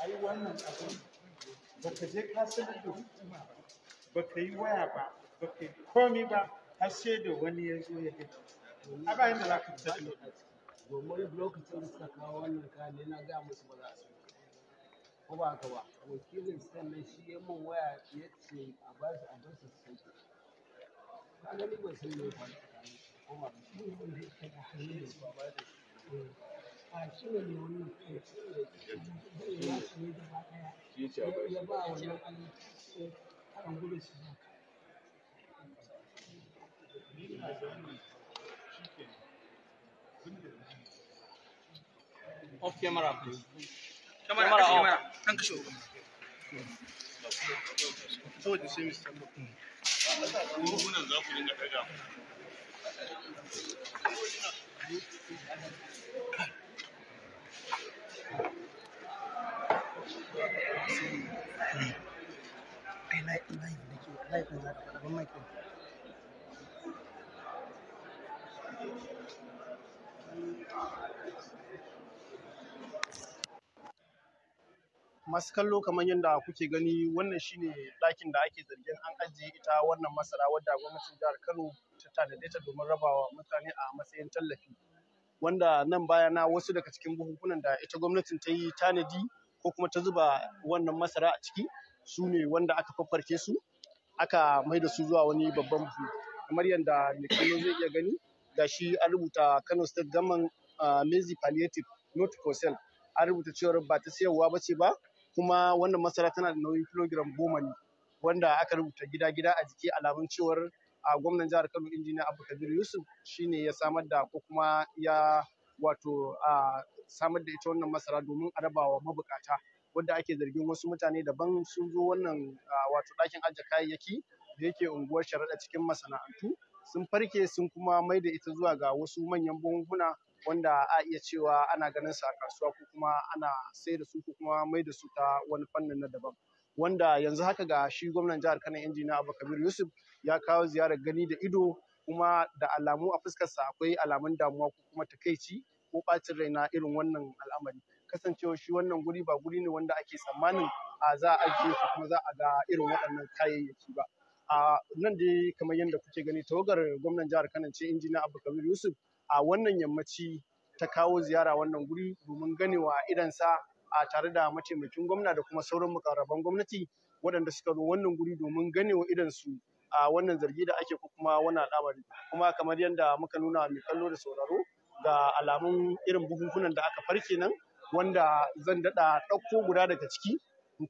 a yi wannan abin ba je ka sanar da yi waya ba baka yi komi ba har sai da wani ya zo ya gaji. a bayan da za ka tafi domin lokacin da suka kawo wannan kayan na ga musu ba za su ko ba ba wakilin sannan shi ya min waya ya ce a ba su a ba su su sauke ka gani ba sun yi ko ba su yi Off camera, please. Camera, camera, camera. Thank you. masu kallo kamar yadda kuke gani wannan shine ɗakin da ake zargin an ajiye ita wannan masara wadda gwamnatin jihar Kano ta daidaita domin rabawa mutane a matsayin tallafi wanda nan baya na wasu daga cikin buhuhunan da ita gwamnatin ta yi tanadi ko kuma ta zuba wannan masara a ciki su ne wanda aka faffarke su aka mai da su zuwa wani babban buhu kamar yadda mai kallo zai iya gani ga shi an rubuta kano state gaman mezi palliative not for sale an rubuta cewar ba ta sayarwa ba ce ba kuma wannan masara tana da nauyin kilogiram goma ne wanda aka rubuta gida-gida a jiki alamun cewar a gwamnan jihar Kano injiniya Abu Kabir Yusuf shine ya samar da ko kuma ya wato a samar da ita wannan masara domin a raba wa mabukata wadda ake zargin wasu mutane daban sun zo wannan wato ɗakin ajiye kayayyaki da yake unguwar sharaɗa cikin masana'antu sun farke sun kuma mai da ita zuwa ga wasu manyan buhunhuna wanda a iya cewa ana ganin su a kasuwa ko kuma ana sai da su ko kuma mai da su ta wani fannin na daban. wanda yanzu haka ga shi gwamnan jihar Kano injiniya Abba Kabir Yusuf ya kawo ziyarar gani da ido kuma da alamu a fuskarsa akwai alamun damuwa ko kuma takaici ko bacin rai na irin wannan al'amari kasancewa shi wannan guri ba guri ne wanda ake tsammanin a za a ajiye su kuma za a ga irin waɗannan kayayyaki ba a nan dai kamar yadda kuke gani tawagar gwamnan jihar Kano ce injiniya Abba Kabir Yusuf a wannan yammaci ta kawo ziyara wannan guri domin ganewa idansa a tare da mataimakin gwamna da kuma sauran mukarraban gwamnati waɗanda suka zo wannan guri domin ganewa idan su a wannan zargi da ake kuma wannan al'amari kuma kamar yadda muka nuna mai kallo da sauraro ga alamun irin buhuhunan da aka farke nan wanda zan daɗa ɗauko guda daga ciki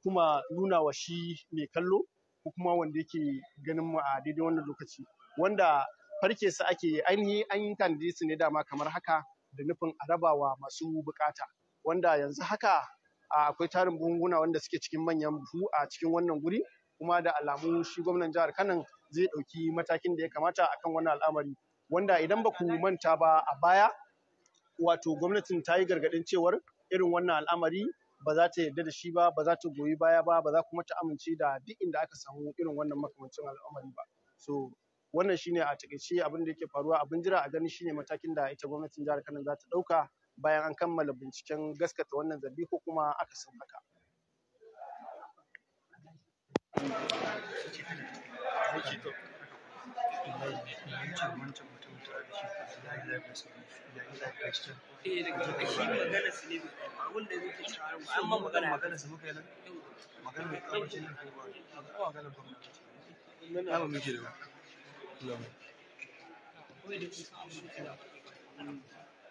kuma nuna wa shi mai kallo ko kuma wanda yake ganin mu a daidai wannan lokaci wanda farke su ake ainihi an yi su ne dama kamar haka da nufin a rabawa masu buƙata. wanda yanzu haka akwai tarin buhunguna wanda suke cikin manyan buhu a cikin wannan guri kuma da alamu shi gwamnan jihar Kano zai ɗauki matakin da ya kamata akan wannan al'amari wanda idan ba ku manta ba a baya wato gwamnatin ta yi gargadin cewar irin wannan al'amari ba za ta yarda da shi ba ba za ta goyi baya ba ba za kuma ta amince da duk inda aka samu irin wannan makamancin al'amari ba so wannan shine a takaice abin da yake faruwa abin jira a gani shine matakin da ita gwamnatin jihar Kano za ta ɗauka bayan an kammala binciken gaskata wannan zargi ko kuma aka haka.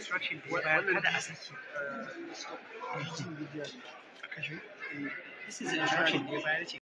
instruction da ya bayar kada a saki eh, eh, this is instruction da ya bayar ce